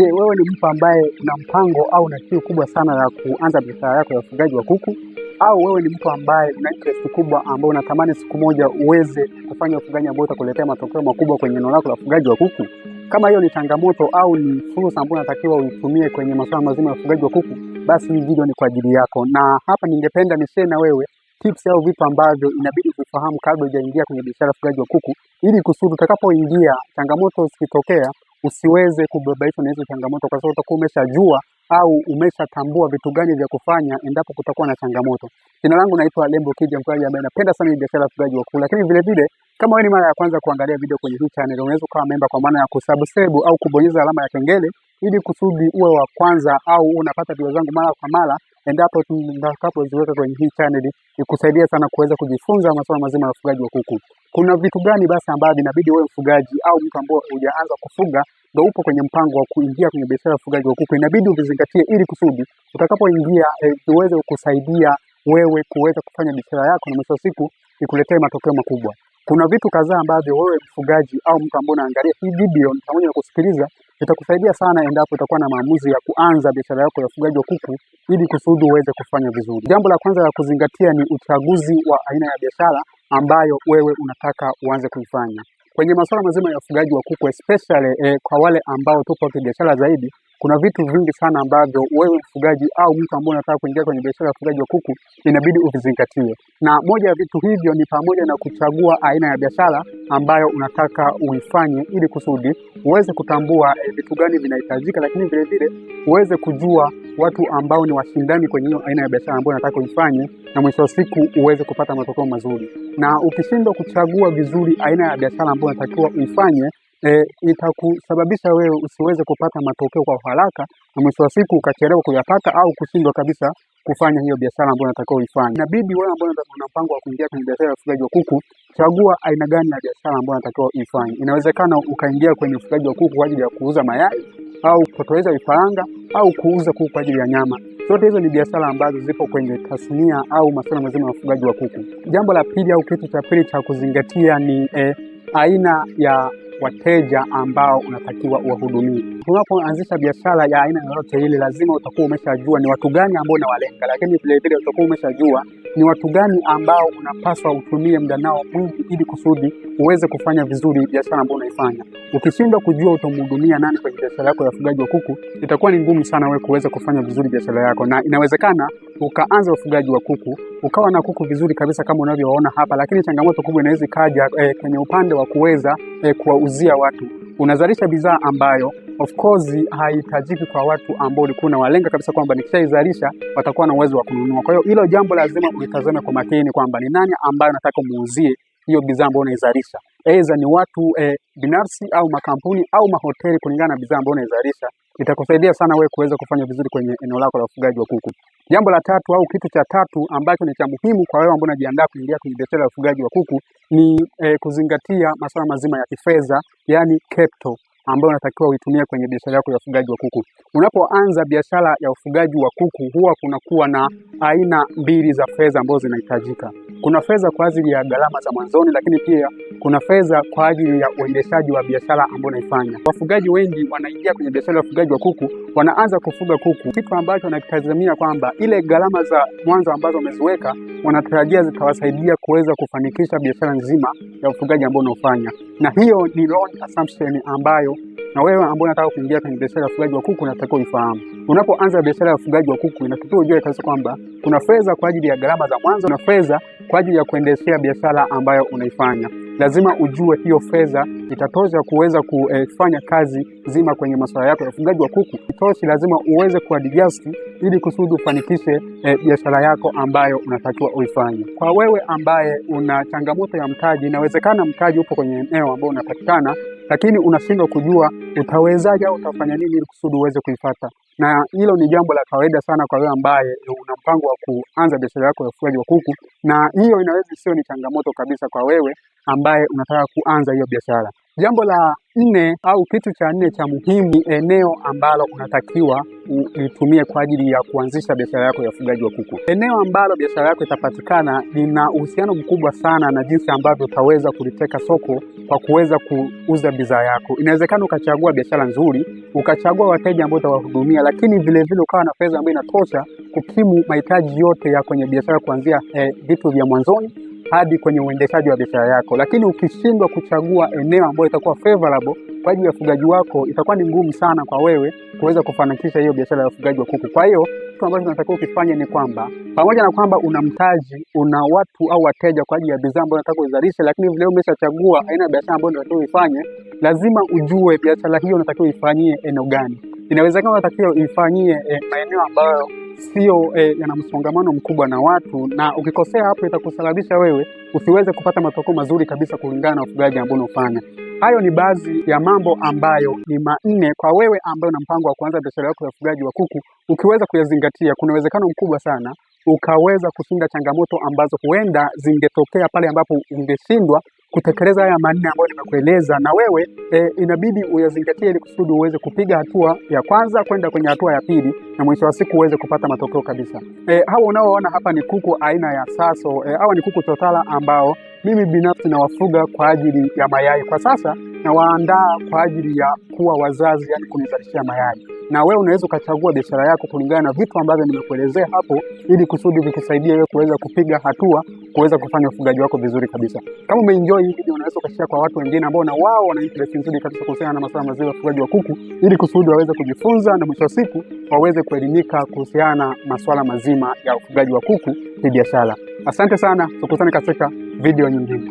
Je, wewe ni mtu ambaye una mpango au una kiu kubwa sana ya kuanza biashara yako ya ufugaji wa kuku, au wewe ni mtu ambaye una interest kubwa ambayo unatamani siku moja uweze kufanya ufugaji ambao utakuletea matokeo makubwa kwenye eneo lako la ufugaji wa kuku? Kama hiyo ni changamoto au ni fursa ambayo unatakiwa uitumie kwenye masuala mazima ya ufugaji wa kuku, basi hii video ni kwa ajili yako, na hapa ningependa nishare na wewe tips au vitu ambavyo inabidi kufahamu kabla hujaingia kwenye biashara ya ufugaji wa kuku, ili kusudi utakapoingia, changamoto zikitokea usiweze kubabaisha na hizo changamoto, kwa sababu utakuwa umeshajua au umeshatambua vitu gani vya kufanya endapo kutakuwa na changamoto. Jina langu naitwa Lembo Kija, mfugaji ambaye napenda sana biashara ya ufugaji wa kuku, lakini vile vile kama wewe ni mara ya kwanza kuangalia video kwenye hii channel, unaweza ukawa memba kwa maana ya kusubscribe au kubonyeza alama ya kengele ili kusudi uwe wa kwanza au unapata video zangu mara kwa mara endapo tutakapoziweka kwenye hii chaneli, ikusaidia sana kuweza kujifunza masuala mazima ya ufugaji wa kuku. Kuna vitu gani basi ambavyo inabidi wewe mfugaji au mtu ambaye hujaanza kufuga ndo upo kwenye mpango wa kuingia kwenye biashara ya ufugaji wa kuku, inabidi uvizingatie ili kusudi utakapoingia iweze eh, e, kukusaidia wewe kuweza kufanya biashara yako na mwisho wa siku ikuletee matokeo makubwa. Kuna vitu kadhaa ambavyo wewe mfugaji au mtu ambaye unaangalia hii video pamoja na kusikiliza Itakusaidia sana endapo utakuwa na maamuzi ya kuanza biashara yako ya ufugaji wa kuku ili kusudi uweze kufanya vizuri. Jambo la kwanza la kuzingatia ni uchaguzi wa aina ya biashara ambayo wewe unataka uanze kuifanya. Kwenye masuala mazima ya ufugaji wa kuku especially eh, kwa wale ambao tupo kibiashara zaidi, kuna vitu vingi sana ambavyo wewe mfugaji au mtu ambaye unataka kuingia kwenye biashara ya ufugaji wa kuku inabidi uvizingatie, na moja ya vitu hivyo ni pamoja na kuchagua aina ya biashara ambayo unataka uifanye, ili kusudi uweze kutambua eh, vitu gani vinahitajika, lakini vilevile uweze kujua watu ambao ni washindani kwenye hiyo aina ya biashara ambayo unataka uifanye, na mwisho wa siku uweze kupata matokeo mazuri. Na ukishindwa kuchagua vizuri aina ya biashara ambayo unatakiwa uifanye e, itakusababisha wewe usiweze kupata matokeo kwa haraka na mwisho wa siku ukachelewa kuyapata au kushindwa kabisa kufanya hiyo biashara ambayo unatakiwa uifanye. Inabidi wewe ambaye una mpango wa kuingia kwenye biashara ya ufugaji wa kuku, chagua aina gani ya biashara ambayo unatakiwa uifanye. Inawezekana ukaingia kwenye ufugaji wa kuku kwa ajili ya kuuza mayai au kutoweza vifaranga au kuuza kuku kwa ajili ya nyama. Zote hizo ni biashara ambazo zipo kwenye tasnia au masuala mazima ya ufugaji wa kuku. Jambo la pili au kitu cha pili cha kuzingatia ni eh, aina ya wateja ambao unatakiwa uwahudumie. Unapoanzisha biashara ya aina yoyote ile, lazima utakuwa umeshajua ni watu gani ambao unawalenga, lakini vilevile utakuwa umeshajua ni watu gani ambao unapaswa utumie muda nao mwingi ili kusudi uweze kufanya vizuri biashara ambayo unaifanya. Ukishindwa kujua utamhudumia nani kwenye biashara yako ya ufugaji wa kuku, itakuwa ni ngumu sana wewe kuweza kufanya vizuri biashara yako, na inawezekana ukaanza ufugaji wa kuku, ukawa na kuku vizuri kabisa kama unavyoona hapa, lakini changamoto kubwa inaweza ikaja e, kwenye upande wa kuweza e, kuwauzia watu. Unazalisha bidhaa ambayo of course haihitajiki kwa watu ambao ulikuwa unawalenga kabisa kwamba nikishaizalisha watakuwa na uwezo wa kununua. Kwa hiyo hilo jambo lazima ulitazame kwa makini kwamba ni nani ambaye unataka muuzie hiyo bidhaa ambayo unaizalisha, aidha ni watu e, binafsi au makampuni au mahoteli, kulingana na bidhaa ambayo unaizalisha itakusaidia sana wewe kuweza kufanya vizuri kwenye eneo lako la ufugaji wa kuku. Jambo la tatu au kitu cha tatu ambacho ni cha muhimu kwa wewe ambao unajiandaa kuingia kwenye biashara ya ufugaji wa kuku ni eh, kuzingatia masuala mazima ya kifedha, yani capital ambayo unatakiwa uitumie kwenye biashara yako ya ufugaji wa kuku. Unapoanza biashara ya ufugaji wa kuku, huwa kunakuwa na aina mbili za fedha ambazo zinahitajika. Kuna fedha kwa ajili ya gharama za mwanzoni, lakini pia kuna fedha kwa ajili ya uendeshaji wa biashara ambayo unaifanya. Wafugaji wengi wanaingia kwenye biashara ya ufugaji wa kuku, wanaanza kufuga kuku, kitu ambacho wanakitazamia kwamba ile gharama za mwanzo ambazo wameziweka wanatarajia zitawasaidia kuweza kufanikisha biashara nzima ya ufugaji ambao unaofanya na hiyo ni wrong assumption ambayo na wewe ambao unataka kuingia kwenye biashara ya ufugaji wa kuku unatakiwa ifahamu. Unapoanza biashara ya ufugaji wa kuku, inatakiwa ujue kabisa kwamba kuna fedha kwa ajili ya gharama za mwanzo na fedha kwa ajili ya kuendeshea biashara ambayo unaifanya lazima ujue hiyo fedha itatosha kuweza eh, kufanya kazi zima kwenye masuala yako ya ufugaji wa kuku. Itoshi, lazima uweze kuadjust ili kusudi ufanikishe eh, biashara yako ambayo unatakiwa uifanye. Kwa wewe ambaye una changamoto ya mtaji, inawezekana mtaji upo kwenye eneo ambao unapatikana, lakini unashindwa kujua utawezaje au utafanya nini ili kusudi uweze kuifata na hilo ni jambo la kawaida sana kwa wewe ambaye una mpango wa kuanza biashara yako ya ufugaji wa kuku, na hiyo inaweza sio ni changamoto kabisa kwa wewe ambaye unataka kuanza hiyo biashara. Jambo la nne au kitu cha nne cha muhimu, ni eneo ambalo unatakiwa ulitumie kwa ajili ya kuanzisha biashara yako ya ufugaji wa kuku. Eneo ambalo biashara yako itapatikana lina uhusiano mkubwa sana na jinsi ambavyo utaweza kuliteka soko kwa kuweza kuuza bidhaa yako. Inawezekana ukachagua biashara nzuri, ukachagua wateja ambao utawahudumia, lakini vilevile ukawa na fedha ambayo inatosha kukimu mahitaji yote ya kwenye biashara, kuanzia eh, vitu vya mwanzoni hadi kwenye uendeshaji wa biashara yako. Lakini ukishindwa kuchagua eneo ambayo itakuwa favorable kwa ajili ya ufugaji wako, itakuwa ni ngumu sana kwa wewe kuweza kufanikisha hiyo biashara ya ufugaji wa kuku. Kwa hiyo kitu ambacho unatakiwa ukifanye ni kwamba pamoja na kwamba una mtaji, una watu au wateja kwa ajili ya bidhaa ambayo unataka kuizalisha, lakini vile umeshachagua aina ya biashara ambayo unatakiwa uifanye, lazima ujue biashara hiyo unatakiwa uifanyie eneo gani inawezekana unatakiwa ifanyie eh, maeneo ambayo sio eh, yana msongamano mkubwa na watu, na ukikosea hapo itakusababisha wewe usiweze kupata matokeo mazuri kabisa kulingana na ufugaji ambao unafanya. Hayo ni baadhi ya mambo ambayo ni manne kwa wewe ambayo na mpango wa kuanza biashara yako ya ufugaji wa kuku. Ukiweza kuyazingatia, kuna uwezekano mkubwa sana ukaweza kushinda changamoto ambazo huenda zingetokea pale ambapo ungeshindwa kutekeleza haya manne ambayo nimekueleza, na wewe e, inabidi uyazingatie ili kusudi uweze kupiga hatua ya kwanza kwenda kwenye hatua ya pili, na mwisho wa siku uweze kupata matokeo kabisa. E, eh, hawa unaoona hapa ni kuku aina ya Saso. E, eh, hawa ni kuku totala ambao mimi binafsi nawafuga kwa ajili ya mayai. Kwa sasa nawaandaa kwa ajili ya kuwa wazazi, yani kunizalishia mayai na wewe unaweza ukachagua biashara yako kulingana na vitu ambavyo nimekuelezea hapo, ili kusudi vikusaidie wewe kuweza kupiga hatua kuweza kufanya ufugaji wako vizuri kabisa. Kama umeenjoy hii video, unaweza ukashare kwa watu wengine ambao na wao wana interest nzuri kabisa kuhusiana na masuala mazima ya ufugaji wa kuku, ili kusudi waweze kujifunza na mwisho wa siku waweze kuelimika kuhusiana na masuala mazima ya ufugaji wa kuku kibiashara. Asante sana, tukutane katika video nyingine.